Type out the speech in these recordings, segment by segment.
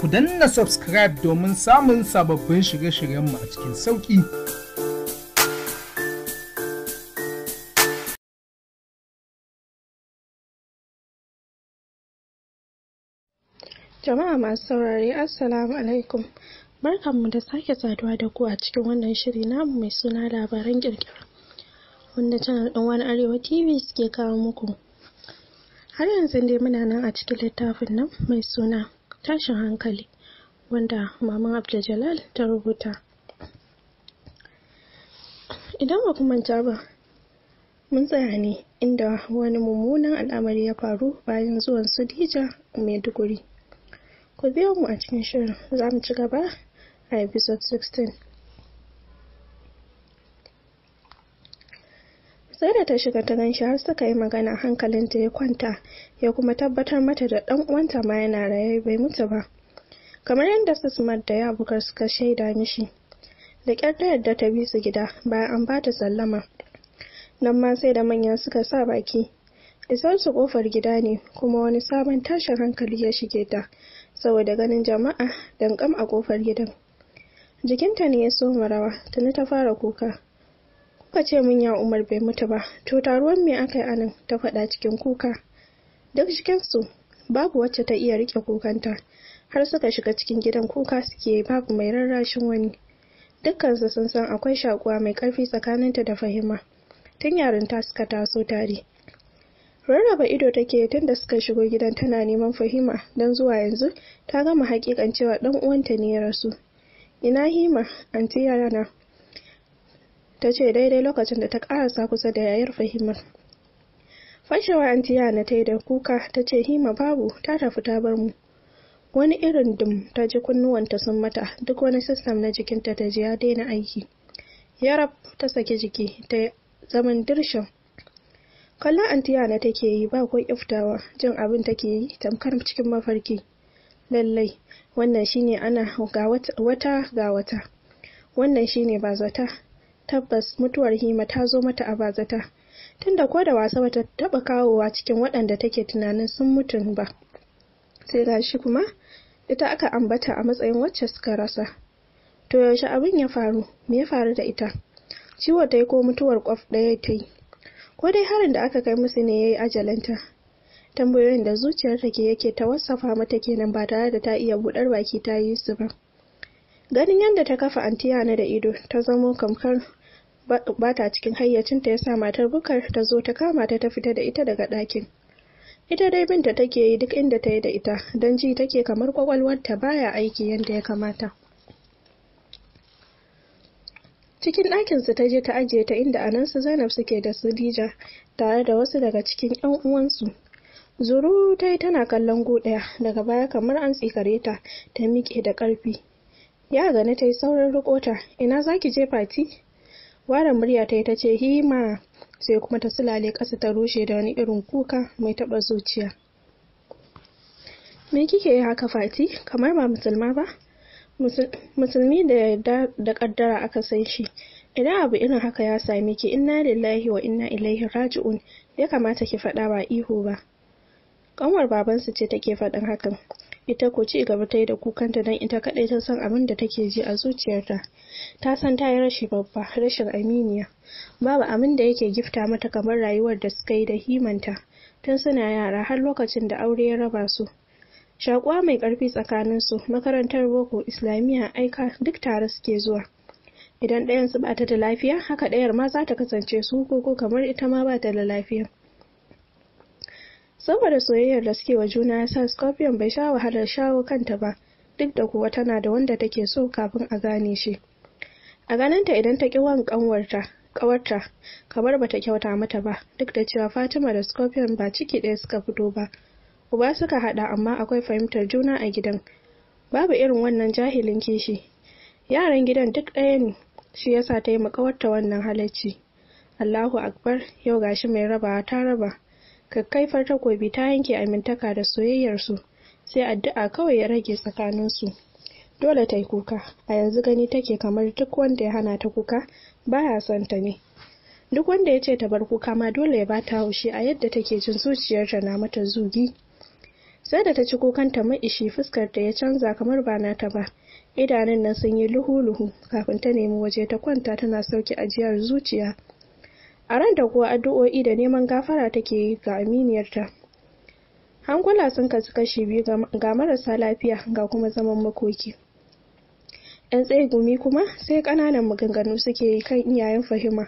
ku danna subscribe domin samun sababbin shirye-shiryenmu a cikin sauƙi. Jama'a masu saurare, Assalamu alaikum. Barkanmu da sake saduwa da ku a cikin wannan shiri namu mai suna labaran kirkira. Wanda channel ɗin wani Arewa TV suke kawo muku. Har yanzu dai muna nan a cikin littafin nan mai suna tashin hankali wanda maman Abdul ta rubuta idan ba manta ba mun tsaya ne inda wani mummunan al'amari ya faru bayan zuwan su Dija Maiduguri ku biyo mu a cikin shirin za mu ci gaba a episode 16 sai da ta shiga ta ganshi har suka yi magana hankalinta ya kwanta ya kuma tabbatar mata da ɗan uwanta ma yana raye bai mutu ba kamar yadda susmat da yabukar suka shaida mishi da ƙyar ta yadda ta bi su gida bayan an bata sallama nan ma sai da manya suka sa baki isar su kofar gida ne kuma wani sabon tashin hankali ya shige ta saboda ganin jama'a dankam a kofar gidan jikinta ne ya soma rawa tuni ta fara kuka kuka ce min ya umar bai mutu ba to taruwan me aka yi anan ta faɗa cikin kuka duk jikinsu babu wacce ta iya riƙe kukanta har suka shiga cikin gidan kuka suke babu mai rarrashin wani dukkansu sun san akwai shakuwa mai ƙarfi tsakaninta da fahima tun yarinta suka taso tare rarraba ido take tun da suka shigo gidan tana neman fahima don zuwa yanzu ta gama hakikan cewa ɗan uwanta ne ya rasu ina hima anti yana ta ce daidai lokacin da ta ƙarasa kusa da yayar fahimar fashewa antiyana ta yi da kuka ta ce hima babu ta tafi ta bar mu wani irin dum ta ji kunnuwanta sun mata duk wani sistem na jikinta ta ji ya daina aiki yarab ta saki jiki ta zaman dirshin kallon antiyana ta take yi ba ko iftawa jin abin take yi tamkar cikin mafarki lallai wannan shine ana ga wata ga wata wannan shine ba zata tabbas mutuwar hima ta zo mata a bazata tunda ko da wasa bata taba kawowa cikin waɗanda take tunanin sun mutu ba sai gashi kuma ita aka ambata a matsayin wacce suka rasa to yaushe abin ya faru me ya faru da ita ciwo ta yi ko mutuwar kwaf ɗaya ta yi ko dai harin da aka kai musu ne ya yi ajalanta tambayoyin da zuciyar ke yake ta wasafa mata kenan ba tare da ta iya buɗar baki ta yi su ba ganin yadda ta kafa antiyana da ido ta zamo kamkar ba ta cikin hayyacinta ya sa matar bukar ta zo ta kama ta ta fita da ita daga ɗakin ita dai binta take yi duk inda ta yi da ita don ji take kamar kwakwalwarta baya aiki yadda ya kamata cikin ɗakinsu ta je ta ajiye ta inda a su zainab suke da su dija tare da wasu daga cikin 'yan uwansu zuru ta yi tana kallon ɗaya daga baya kamar an tsikare ta ta miƙe da ƙarfi ya gani ta yi saurin rikota ina za ki je fati Ware murya ta yi ta ce hima sai kuma ta sulale ƙasa ta rushe da wani irin kuka mai taɓa zuciya. Me kike yi haka fati kamar ba musulma ba? Musulmi da yarda da ƙaddara aka san shi. Idan abu irin haka ya same ki inna lillahi wa inna ilaihi raji'un ya kamata ki faɗa ba ihu ba. Ƙanwar babansu ce take faɗin hakan ita ko ci gaba ta yi da kukanta don ita kaɗai ta san abin da take ji a zuciyarta ta san ta yi rashi babba rashin aminiya babu abin da yake gifta mata kamar rayuwar da suka yi da himanta tun suna yara har lokacin da aure ya raba su shakuwa mai ƙarfi su makarantar boko islamiyya aika duk tare suke zuwa idan ɗayan su ba ta da lafiya haka ɗayar ma za ta kasance su koko kamar ita ma ba ta da lafiya saboda soyayyar da suke wa juna ya sa scorpion bai sha wahalar shawo kanta ba duk da kuwa tana da wanda take so kafin a gane shi a ganinta idan ta ki wan ƙanwarta ƙawarta kamar ba ta kyauta mata ba duk da cewa fatima da scorpion ba ciki ɗaya suka fito ba uba suka haɗa amma akwai fahimtar juna a gidan babu irin wannan jahilin kishi yaran gidan duk ɗaya ne shi yasa ta yi makawarta wannan halacci allahu akbar yau gashi mai rabawa ta raba kakkaifar takobi ta yanke amintaka da soyayyarsu sai addu'a kawai ya rage tsakaninsu dole ta yi kuka a yanzu gani take kamar duk wanda ya hana ta kuka ba ya son ta ne duk wanda ya ce ta bar kuka ma dole ya bata haushi a yadda take jin zuciyarta na mata zugi sai da ta ci kukanta maishi fuskar ta ya canza kamar ba nata ba idanun nan sun yi luhu-luhu kafin ta nemi waje ta kwanta tana sauke ajiyar zuciya a ran da kuwa addu'o'i da neman gafara take yi ga aminiyarta hankula sun kasu kashi biyu ga marasa lafiya ga kuma zaman makoki yan tsaye gumi kuma sai ƙananan maganganu suke yi kan iyayen fahima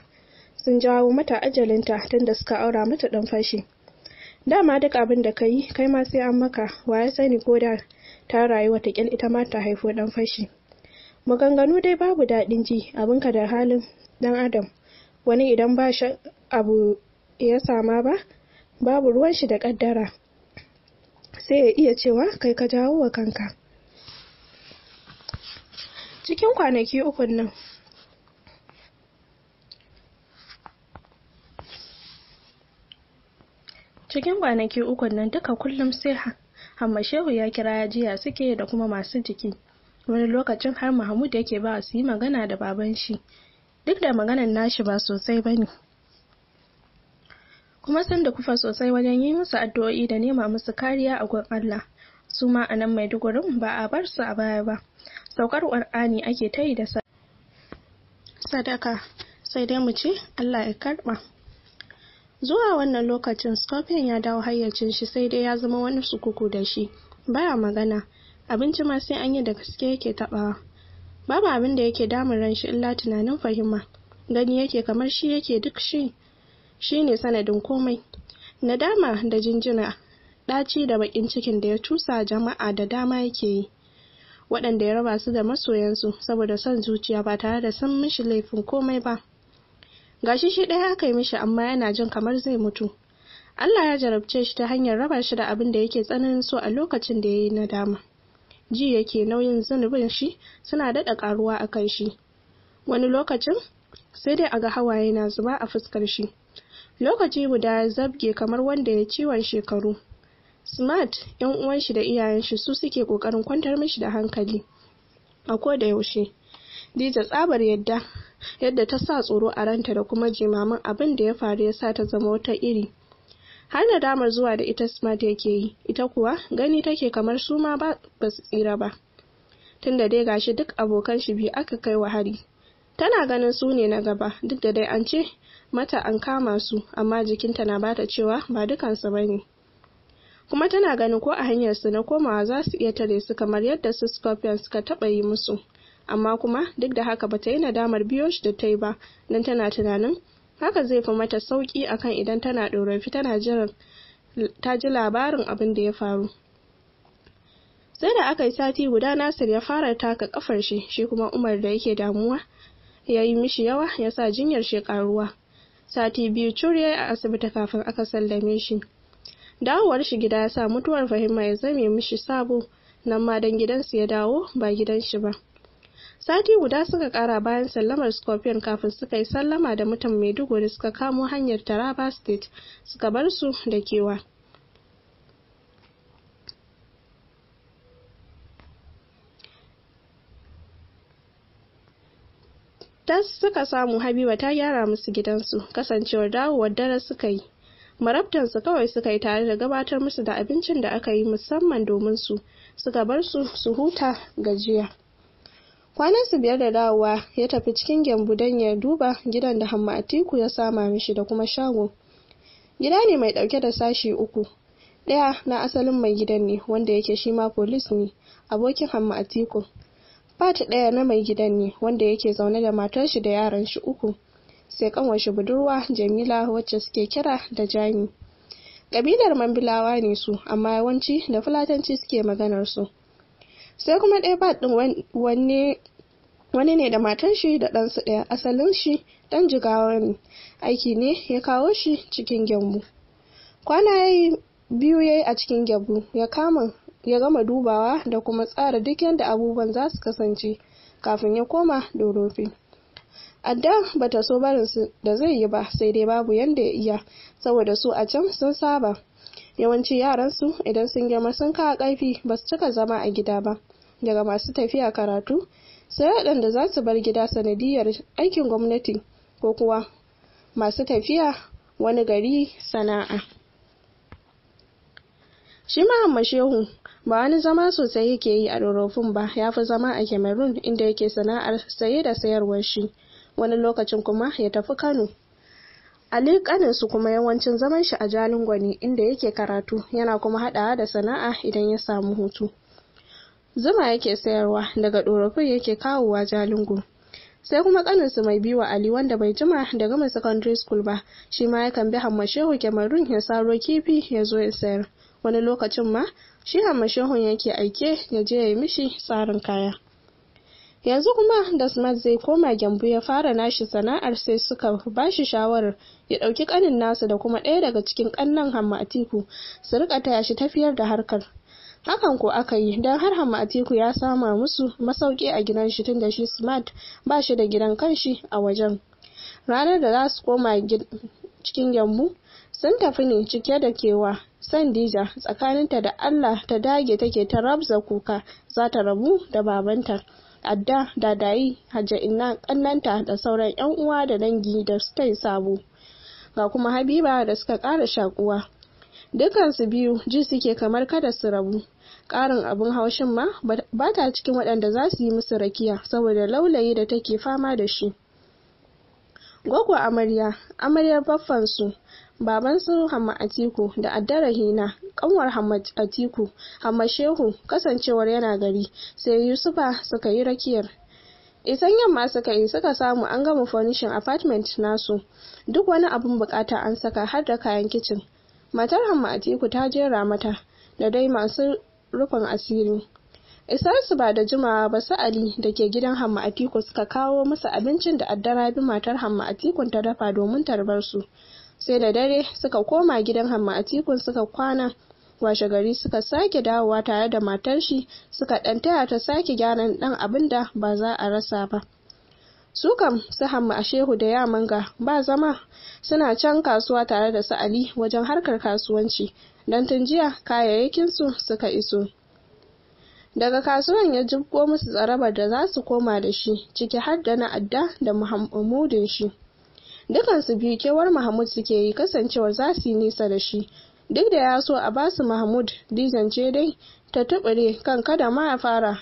sun jawo mata ajalinta tunda suka aura mata ɗan fashi dama duk abin da ka yi kai ma sai an maka wa ya sani ko da ta rayu watakil ita ma ta haifo ɗan fashi maganganu dai babu daɗin ji abinka da halin ɗan adam wani idan ba shi abu ya sama ba babu ruwan shi da kaddara sai ya iya cewa kai ka jawo wa kanka cikin kwanaki ukun nan cikin kwanaki ukun nan duka kullum sai Amma shehu ya kira ya jiya suke da kuma masu jiki wani lokacin har mahmud yake ba su yi magana da baban shi duk da maganan nashi ba sosai ba kuma sun da kufa sosai wajen yi musu addu'o'i da nema musu kariya a gurin Allah su ma a nan dugurin ba a bar su a baya ba saukar Qur'ani ake ta yi da sadaka sai dai mu ce Allah ya karba zuwa wannan lokacin scorpion ya dawo hayyacin shi sai dai ya zama wani sukuku da shi baya magana abinci ma sai an yi da gaske yake tabawa babu abin da yake damun ran shi illa tunanin fahimma gani yake kamar shi yake duk shi shi ne sanadin komai nadama da jinjina ɗaci da bakin cikin da ya tusa jama'a da dama yake yi waɗanda ya raba su da masoyansu saboda son zuciya ba tare da san mishi laifin komai ba gashi shi ɗaya aka yi mishi amma yana jin kamar zai mutu Allah ya jarabce shi ta hanyar raba shi da abin da yake tsananin so a lokacin da ya yi nadama. ji yake nauyin zunubin shi suna daɗa ƙaruwa a kan shi wani lokacin sai dai a ga hawaye na zuba a fuskar shi lokaci guda zabge kamar wanda ya ciwon shekaru smart yan uwan shi da iyayen shi su suke kokarin kwantar mishi da hankali a ko da yaushe dija tsabar yadda yadda ta sa tsoro a ranta da kuma jimamin abin da ya faru ya sa ta zama wata iri har nadamar zuwa da ita smart yake yi ita kuwa gani take kamar su ma ba su tsira ba tunda dai gashi duk abokan shi biyu aka kai wa hari tana ganin su ne na gaba duk da dai an ce mata an kama su amma jikinta na bata cewa ba dukansu ba ne kuma tana ganin ko a hanyar su na komawa za su iya tare su kamar yadda su scorpion suka taɓa yi musu amma kuma duk da haka bata yi nadamar biyo shi da ta yi ba don tana tunanin haka zai fi mata sauki akan idan tana ɗorafi tana jiran ta ji labarin abin da ya faru sai da aka yi sati guda nasir ya fara taka kafar shi shi kuma umar da yake damuwa ya yi mishi yawa ya sa jinyar shi karuwa sati biyu yi a asibiti kafin aka sallame shi dawowar shi gida ya sa mutuwar fahimma ya zame mishi sabo nan ma dan gidansu ya dawo ba gidan shi ba sati guda suka kara bayan sallamar scorpion kafin suka yi sallama da mutum mai da suka kamo hanyar taraba state suka bar su da kewa tas suka samu habiba ta gyara musu gidansu kasancewar dawowar dare suka yi marabtansu kawai suka yi tare da gabatar musu da abincin da aka yi musamman domin su suka bar su su huta gajiya kwanan su biyar da dawowa ya tafi cikin gyambu don ya duba gidan da hamma atiku ya sama mishi da kuma shago gida ne mai dauke da sashi uku daya na asalin mai gidan ne wanda yake shi ma polis ne abokin hamma atiku ɗaya daya na mai gidan ne wanda yake zaune da matar shi da yaran shi uku sai kanwar shi budurwa jamila wacce suke kira da jami kabilar mambilawa ne su amma yawanci da fulatanci suke maganar su sai kuma ɗaya ba ɗin wani ne da matan shi da ɗansu ɗaya asalin shi ɗan jigawa ne aiki ne ya kawo shi cikin gyambu kwana ya yi biyu ya yi a cikin gyambu ya kama ya gama dubawa da kuma tsara duk yadda abubuwan za su kasance kafin ya koma dorofi adda bata so barin su da zai yi ba sai dai babu yadda ya iya saboda su a can sun saba yawanci yaran su idan sun girma sun kawo ƙarfi ba su cika zama a gida ba daga masu tafiya karatu sai waɗanda za su bar gida sanadiyar aikin gwamnati ko kuwa masu tafiya wani gari sana'a shi ma shehu ba wani zama sosai yake yi a dorofin ba ya fi zama a cameroon inda yake sana'ar saye da sayarwar shi wani lokacin kuma ya tafi kano Ali ƙaninsu kuma yawancin zaman shi a ne inda yake karatu yana kuma haɗawa da sana'a idan ya samu hutu. Zuma yake sayarwa daga Ɗorafin yake kawowa Jalingo. Sai kuma ƙaninsu mai biwa Ali wanda bai jima da gama secondary school ba, shi ma yakan bi Hammashehu Kemarun ya saro kifi ya zo ya sayar. Wani lokacin ma shi Hammashehu yake aike ya je ya yi mishi tsarin kaya. yanzu kuma da smart zai koma gyambu ya fara nashi sana'ar sai suka ba shi shawarar ya ɗauki ƙanin nasa da kuma ɗaya daga cikin ƙannan hamma atiku su rika taya shi tafiyar da harkar hakan ko aka yi don har hamma atiku ya sama musu masauki a gidan shi tunda shi smart ba shi da gidan kanshi a wajen ranar da za su koma cikin gyambu sun tafi ne cike da kewa sandija tsakaninta da allah ta dage take ta rabza kuka za ta rabu da babanta Adda, Dadayi, Hajja Inna, ƙannanta da sauran 'yan uwa da dangi da su yi sabo. Ga kuma Habiba da suka ƙara shakuwa. Dukansu biyu ji suke kamar kada su rabu. Ƙarin abin haushin ma ba ta cikin waɗanda za su yi musu rakiya saboda laulayi da take fama da shi. Gwaggo amarya, amaryar baffansu, baban su Hamma Atiku da Addara Hina kanwar Hamma Atiku Hamma Shehu kasancewar yana gari sai Yusufa suka yi rakiyar isan yamma suka yi suka samu an gama furnishin apartment nasu duk wani abun bukata an saka har da kayan kicin matar Hamma Atiku ta jera mata da dai masu rufin asiri isarsu ba da jimawa ba su ali da ke gidan hamma atiku suka kawo musu abincin da addara bi matar hamma atikun ta dafa domin tarbar su sai da dare suka koma gidan hamma a tikun suka kwana washe gari suka sake dawowa tare da matar shi suka ɗan ta sake gyaran ɗan abin da ba za a rasa ba su kam su hamma a shehu da yamanga ba zama suna can kasuwa tare da sa'ali wajen harkar kasuwanci don tun jiya kayayyakin su suka iso daga kasuwan ya jibgo musu tsarabar da za su koma da shi ciki har da na adda da muhammadin shi dukansu biyu kewar mahmud suke yi kasancewar za su yi nisa da shi duk da ya so a basu mahmud dizance dai ta tubure kan kada ma a fara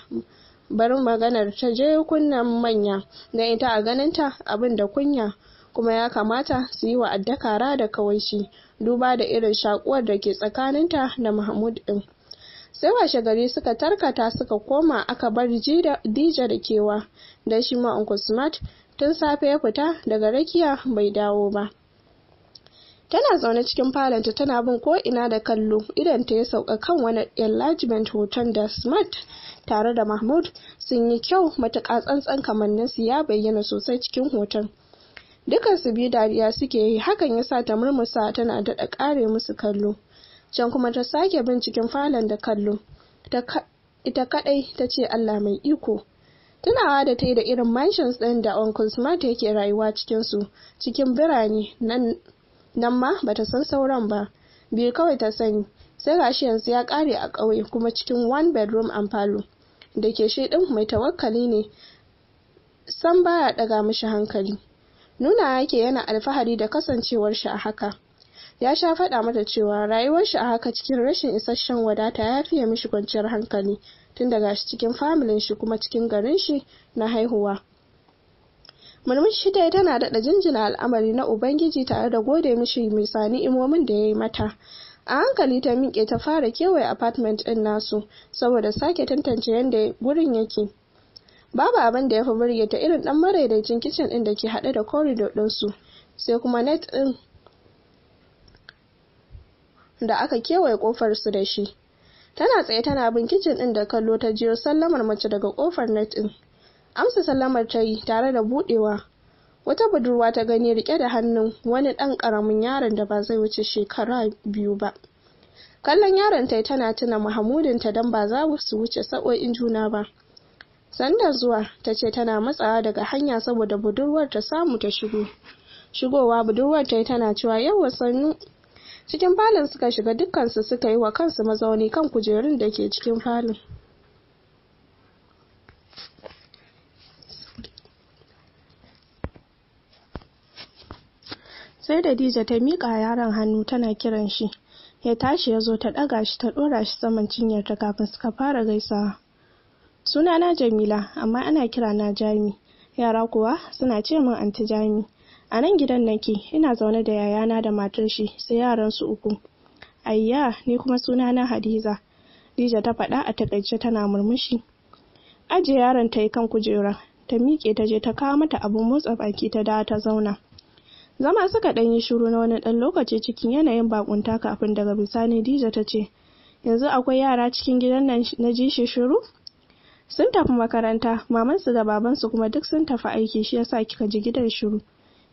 barin maganar ta je kunnan manya da ita a ganinta abin da kunya kuma ya kamata su yi wa addakara da kawaici duba da irin shakuwar da ke tsakaninta da mahmud din sai washe gari suka tarkata suka koma aka bar dija da kewa da shi ma smart tun safe ya fita daga rakiya bai dawo ba tana zaune cikin falonta tana bin ko'ina da kallo idan ta ya sauka kan wani enlargement hoton da smart tare da mahmud sun yi kyau matuƙa tsantsan su ya bayyana sosai cikin hoton dukansu biyu dariya suke yi hakan ya sa ta murmusa tana daɗa ƙare musu kallo can kuma ta sake bin cikin falon da kallo ita kaɗai ta ce allah mai iko tunawa da ta yi da irin mansions ɗin da uncle smart yake rayuwa cikinsu cikin birane nan ma bata san sauran ba biyu kawai ta sani sai gashi yanzu ya ƙare a ƙauye kuma cikin one bedroom and palo da ke shi ɗin mai tawakkali ne san baya ɗaga mishi hankali nuna yake yana alfahari da kasancewar shi a haka ya sha faɗa mata cewa rayuwar shi a haka cikin rashin isasshen wadata ya fiye mishi kwanciyar hankali tun daga shi cikin familin shi kuma cikin garin shi na haihuwa murmushi ta tana daɗa jinjina al'amari na ubangiji tare da gode mishi misani imomin da ya yi mata a hankali ta miƙe ta fara kewaye apartment ɗin nasu saboda sake tantance yadda gurin yake babu abin da ya fi burge ta irin ɗan maraidaicin kicin ɗin da ke haɗe da corridor ɗinsu sai kuma net ɗin da aka kewaye kofar su da shi tana tsaye tana bin kicin din da kallo ta jiyo sallamar mace daga kofar net din amsa sallamar ta yi tare da buɗewa. wata budurwa ta gani rike da hannun wani ɗan karamin yaron da ba zai wuce shekara biyu ba kallon yaron ta tana tuna mahamudin ta dan ba za su wuce sa'o'in juna ba sanda zuwa ta ce tana matsawa daga hanya saboda budurwar ta samu ta shigo shigowa budurwar ta tana cewa yau sanu. cikin falon suka shiga dukkansu suka yi wa kansu mazauni kan kujerun da ke cikin falon sai da dija ta miƙa yaron hannu tana kiran shi ya tashi ya zo ta ɗaga shi ta ɗora shi saman ta kafin suka fara gaisawa sunana jamila amma ana kira na jami yara kuwa suna ce min anti jami a nan gidan nake ina zaune da yayana da matar shi sai yaran su uku ayya ni kuma suna na hadiza dija ta faɗa a takaice tana murmushi ajiye yaron ta yi kan kujera ta miƙe ta je ta kawo mata abun motsa baki ta da ta zauna zama suka ɗan yi shiru na wani ɗan lokaci cikin yanayin bakunta kafin daga bisani dija ta ce yanzu akwai yara cikin gidan nan na ji shi shiru sun tafi makaranta mamansu da babansu kuma duk sun tafi aiki shi yasa kika ji gidan shiru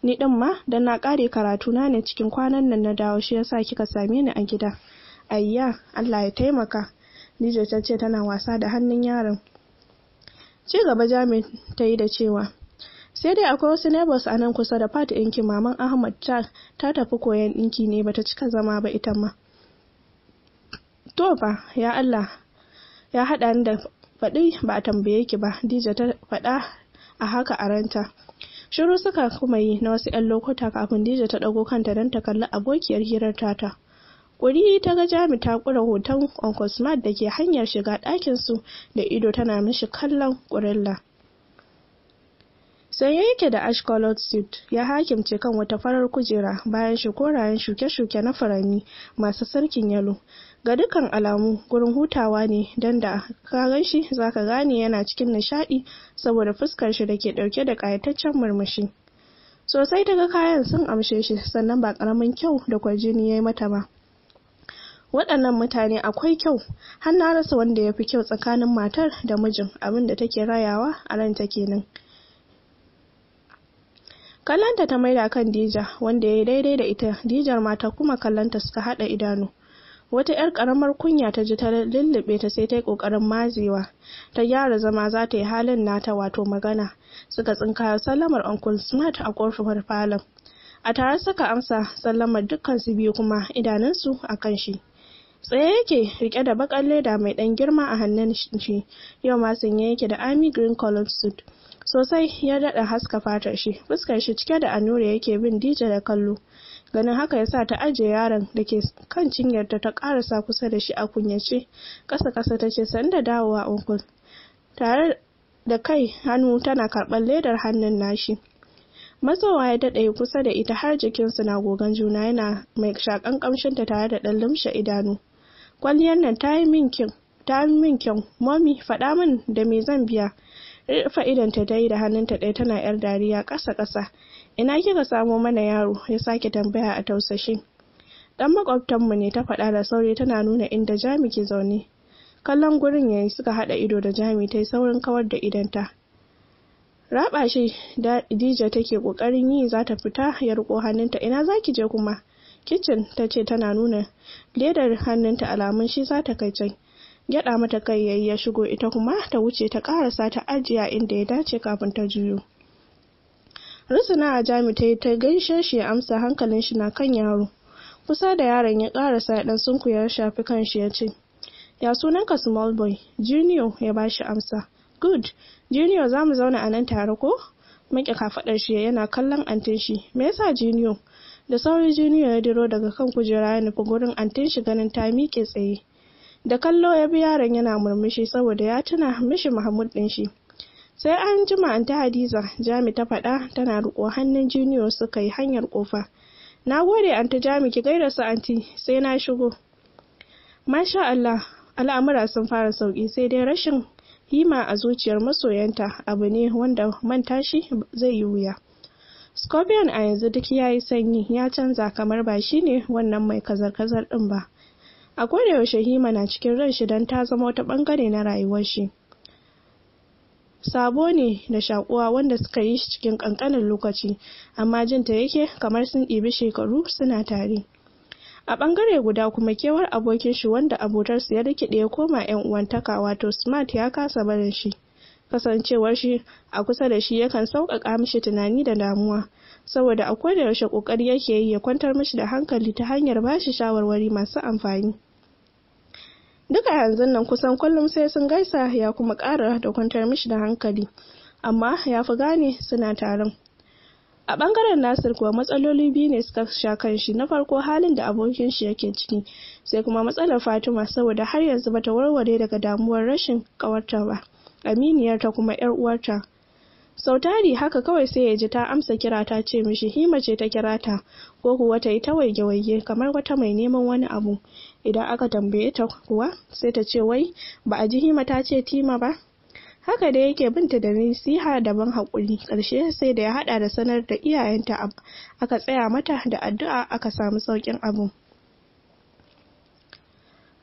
ni din ma dan na kare karatu na ne cikin kwanan nan na dawo shi yasa kika same ni a gida ayya Allah ya taimaka Nijo ta ce tana wasa da hannun yaron ci gaba Jami ta yi da cewa sai dai akwai wasu neighbors a nan kusa da fat ɗinki maman Ahmad ta ta tafi koyan ɗinki ne bata cika zama ba ita ma to fa ya Allah ya haɗa ni da faɗi ba a tambaye ki ba Dija ta faɗa a haka a ranta shiru suka kuma yi na wasu 'yan lokuta kafin dija ta ɗago kanta don ta kalli abokiyar hirar tata Ƙuri ta ga Jami ta kura hoton Uncle Smart da ke hanyar shiga ɗakin su da ido tana mishi kallon ƙurilla. Sanye yake da ash colored suit ya hakimce kan wata farar kujera bayan shi korayen shuke-shuke na furanni masu sarkin yalo ga dukkan alamu gurin hutawa ne don da ka gan shi za ka gane yana cikin nishaɗi saboda fuskar shi da ke ɗauke da ƙayataccen murmushi sosai daga kayan sun amshe shi sannan ba ƙaramin kyau da kwajini ya yi mata ba waɗannan mutane akwai kyau har na rasa wanda ya fi kyau tsakanin matar da mijin abin da take rayawa a ranta kenan kallanta ta maida kan dija wanda ya yi daidai da ita dijar mata kuma kallanta suka haɗa idanu wata 'yar ƙaramar kunya ta ji ta lullube ta sai ta yi ƙoƙarin mazewa ta gyara zama za ta yi halin nata wato magana suka tsinka sallamar uncle smart a kofar falon a tare suka amsa sallamar dukkan su biyu kuma idanunsu a kan shi tsaye yake rike da bakan leda mai ɗan girma a hannun shi yau ma sanye yake da army green colored suit sosai ya daɗa haska fatar shi fuskar shi cike da annure yake bin dija da kallo ganin haka ya sa ta ajiye yaron da ke kan cinyarta ta karasa kusa da shi a kunyace kasa kasa ta ce sanda dawowa uncle tare da kai hannu tana karɓar ledar hannun nashi matsowa ya daɗe kusa da ita har jikinsu na gogan juna yana mai shakan kamshinta tare da ɗan lumshe idanu kwalliyar nan ta yi min kyau ta mami faɗa min da me zan biya Eh, fa'idanta ta yi da hannunta ɗaya tana yar dariya ƙasa ƙasa ina kika samo mana yaro ya sake tambaya a tausashi dan makwabtanmu ne ta faɗa da sauri tana nuna inda jami ke zaune kallon gurin yayi suka haɗa ido da jami ta yi saurin kawar da idonta raɓa shi da dija take ƙoƙarin yi za ta fita ya riko hannunta ina za ki je kuma kicin ta ce tana nuna ledar hannunta alamun shi za ta kai can gyada mata kai yayi ya shigo ita kuma ta wuce ta ƙarasa ta ajiya inda ya dace kafin ta juyo rusuna a jami ta yi ta gaishe shi ya amsa hankalin shi na kan yaro kusa da yaron ya karasa dan sunku ya shafi kan shi ya ce ya sunanka small boy junior ya bashi amsa good junior za mu zauna a nan tare ko maƙi kafaɗar shi yana kallon antin shi me yasa junior da sauri junior ya diro daga kan kujera ya nufi gurin antin shi ganin ta miƙe tsaye da kallo ya bi yaron yana murmushi saboda ya tuna mishi mahmud din shi sai an jima an ta hadiza jami ta faɗa tana riko hannun junior suka yi hanyar ƙofa na gode an ta jami ki gaida su anti sai na shigo masha allah al'amura sun fara sauƙi sai dai rashin hima a zuciyar masoyanta abu ne wanda manta shi zai yi wuya scorpion a yanzu duk yayi sanyi ya canza kamar ba shi ne wannan mai kazar-kazar ɗin ba a yaushe hima na cikin ran shi don ta zama wata bangare na rayuwar shi sabo ne da shakuwa wanda suka yi shi cikin kankanin lokaci amma jinta yake kamar sun ɗibi shekaru suna tare a bangare guda kuma kewar abokin shi wanda abotarsa ya rikide ya koma yan uwantaka wato smart ya kasa barin shi kasancewar shi a kusa da shi yakan sauƙaƙa mishi tunani da damuwa saboda a da yaushe ƙoƙari yake yi ya kwantar mishi da hankali ta hanyar bashi shawarwari masu amfani duka yanzu nan kusan kullum sai sun gaisa ya kuma ƙara da kwantar mishi da hankali amma ya fi gane suna taron a ɓangaren nasir kuwa matsaloli biyu ne suka sha kan shi na farko halin da abokin shi yake ciki sai kuma matsalar fatima saboda har yanzu bata warware daga damuwar rashin ƙawarta ba aminiyarta kuma yar uwarta sau tari haka kawai sai ya ji ta amsa kira ta ce mishi hima ce ta kira ta ko kuwa ta yi ta waige-waige kamar wata mai neman wani abu idan aka tambaye ta kuwa sai ta ce wai ba a ji hima ta ce tima ba haka da yake binta da nasiha daban haƙuri ƙarshe sai da ya haɗa da sanar da iyayenta aka tsaya mata da addu'a aka samu sauƙin abu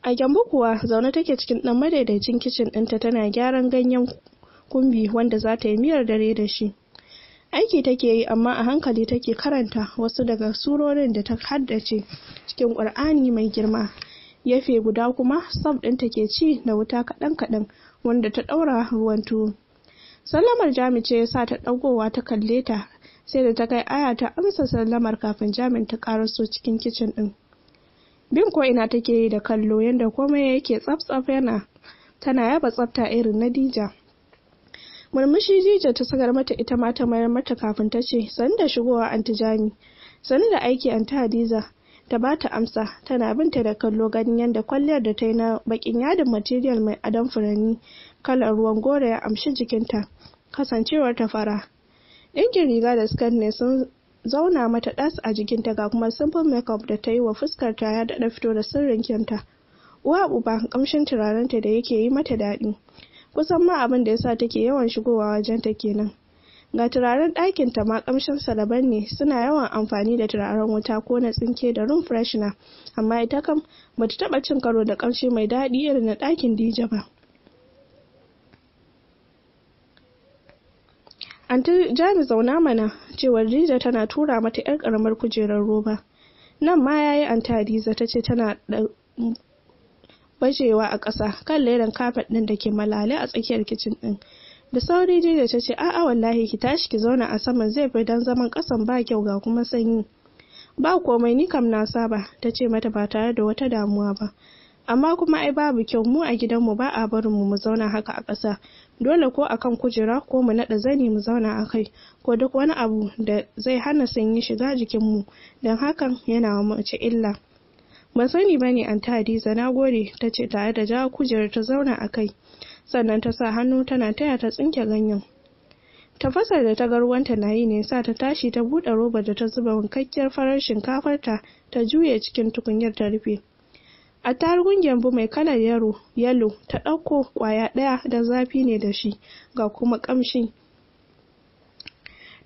a gyambu kuwa zaune take cikin ɗan madaidaicin kicin ɗinta tana gyaran ganyen kumbi wanda za ta yi miyar dare da shi aiki take yi amma a hankali take karanta wasu daga surorin da ta haddace cikin ƙur'ani mai girma yafe guda kuma sab ɗin take ci da wuta kaɗan-kaɗan wanda ta ɗaura ruwan tuwo sallamar jami ce ya sa ta ɗagowa ta kalle ta sai da ta kai aya ta amsa sallamar kafin jamin ta ƙaraso cikin kicin ɗin bin ko ina take yi da kallo yadda komai yake tsaf-tsaf yana tana yaba tsafta irin na dija murmushi jija ta sagar mata ita ma ta mayar mata kafin ta ce sani da shigowa anti jami sani da aiki anti hadiza ta ba ta amsa tana binta da kallo ganin yadda kwalliyar da ta yi na bakin yadin material mai adam furanni kalar ruwan goro ya amshi jikinta kasancewar ta fara ɗinkin riga da skirt ne sun zauna mata ɗas a jikinta ga kuma simple makeup da ta yi wa fuskar ta ya daɗa fito da sirrin kyanta uwa uba kamshin turarenta da yake yi mata daɗi kusan ma abin da sa take yawan shigowa wajen ta kenan ga turaren ɗakin ta ma kamshinsa daban ne suna yawan amfani da turaren wuta ko na tsinke da room freshener amma ita kam ba ta taɓa cin karo da ƙamshi mai daɗi irin na ɗakin dija ba anti jami zauna mana cewar dija tana tura mata yar karamar kujerar roba nan ma ya yayi anta hadiza ce tana bajewa a ƙasa kan leran kafet ɗin da ke malale a tsakiyar kicin ɗin. Da sauri da ta ce, "A'a wallahi ki tashi ki zauna a saman zai fi dan zaman ƙasan ba kyau ga kuma sanyi." Ba komai ni kam na saba, ta ce mata ba tare da wata damuwa ba. Amma kuma ai babu kyau mu a gidanmu ba a barin mu mu zauna haka a ƙasa. Dole ko akan kujera ko mu naɗa zani mu zauna a kai ko duk wani abu da zai hana sanyi shiga jikinmu don hakan yana wa mace illa. Ban sani ba ne Anta Hadiza, na gode, ta ce tare da ja kujerar ta zauna a kai, sannan ta sa hannu tana taya ta tsinke ganyen. Tafasar da ta ga ruwanta na yi ne sa ta tashi ta buɗe robar da ta zuba wankakkiyar farar shinkafarta ta juya cikin tukunyar ta rufe. A tarugun gyambu mai kalar yaro, yalo, ta ɗauko ƙwaya ɗaya da zafi ne da shi, ga kuma ƙamshin.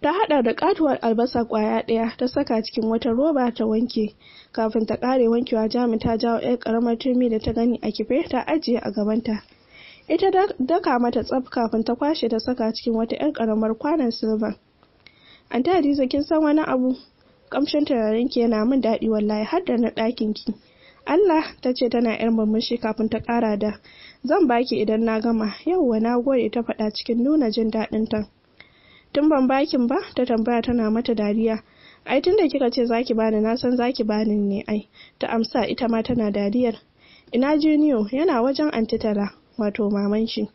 ta hada da katuwar albasa kwaya daya ta saka cikin wata roba ta wanke kafin ta kare wankewa jami ta jawo yar karamar turmi da ta gani a kife ta ajiye a gabanta ita daka mata tsaf kafin ta kwashe ta saka cikin wata yar karamar kwanan silva an ta hadiza kin san wani abu kamshin turaren ki yana min daɗi wallahi har da na ɗakin ki Allah ta ce tana yar murmushi kafin ta kara da zan baki idan na gama yauwa na gode ta faɗa cikin nuna jin daɗin ta tun ban bakin ba ta tambaya tana mata dariya ai tun da kika ce zaki bani na san zaki bani ne ai ta amsa ita ma tana dariyar ina junior yana wajen antitala wato maman shi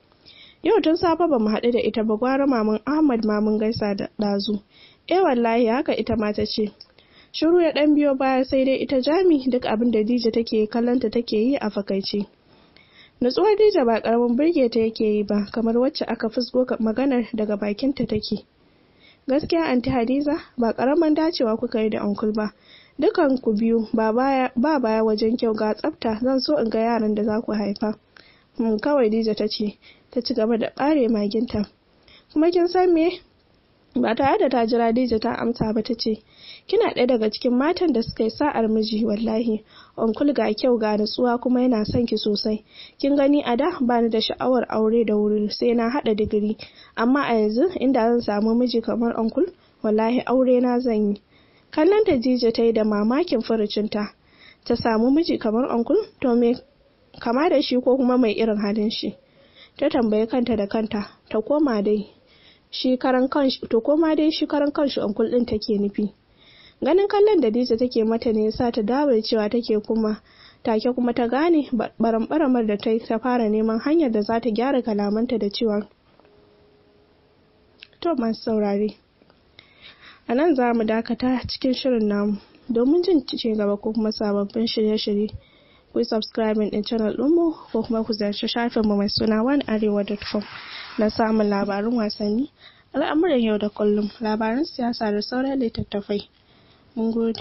yau tun safe ba mu haɗu da ita ba gwara maman ahmad ma mun gaisa da ɗazu e wallahi haka ita ma ta ce shiru ya ɗan biyo baya sai dai ita jami duk abin da dija take kallonta take yi a fakaice nutsuwar Dija ba karamin burge ta yake yi ba kamar wacce aka fusgo maganar daga bakinta take. Gaskiya anti Hadiza ba karamin dacewa kuka yi da uncle ba. Dukan ku biyu ba baya wajen kyau ga tsafta zan so in ga yaran da za ku haifa. Hmm, kawai Dija ta ce ta ci gaba da bare maginta. Kuma kin san me ba tare da ta jira Dija ta amsa ba ta ce kina ɗaya daga cikin matan da suka yi sa'ar miji wallahi onkul ga kyau ga nutsuwa kuma yana son ki sosai kin gani a da ba ni da sha'awar aure da wuri sai na haɗa digiri amma a yanzu inda zan samu miji kamar onkul wallahi aure na zan yi kallon ta Dija ta yi da mamakin furucinta ta samu miji kamar onkul to me kama da shi ko kuma mai irin halin shi ta tambayi kanta da kanta ta koma dai shi karan kanshi to ko dai shi karan kanshi onkul din take nufi ganin kallon da Dija take mata ne yasa ta dawo cewa take kuma take kuma ta gane barambaramar da ta ta fara neman hanyar da za ta gyara kalamanta da cewa to masu saurare a nan za mu dakata cikin shirin namu domin jin ci gaba ko kuma sababbin shirye-shirye ku yi ɗin din channel ɗinmu ko kuma ku ziyarci mu mai suna wani arewa com na samun labarin wasanni al'amuran yau da kullum labarin siyasa da sauran littattafai mun gode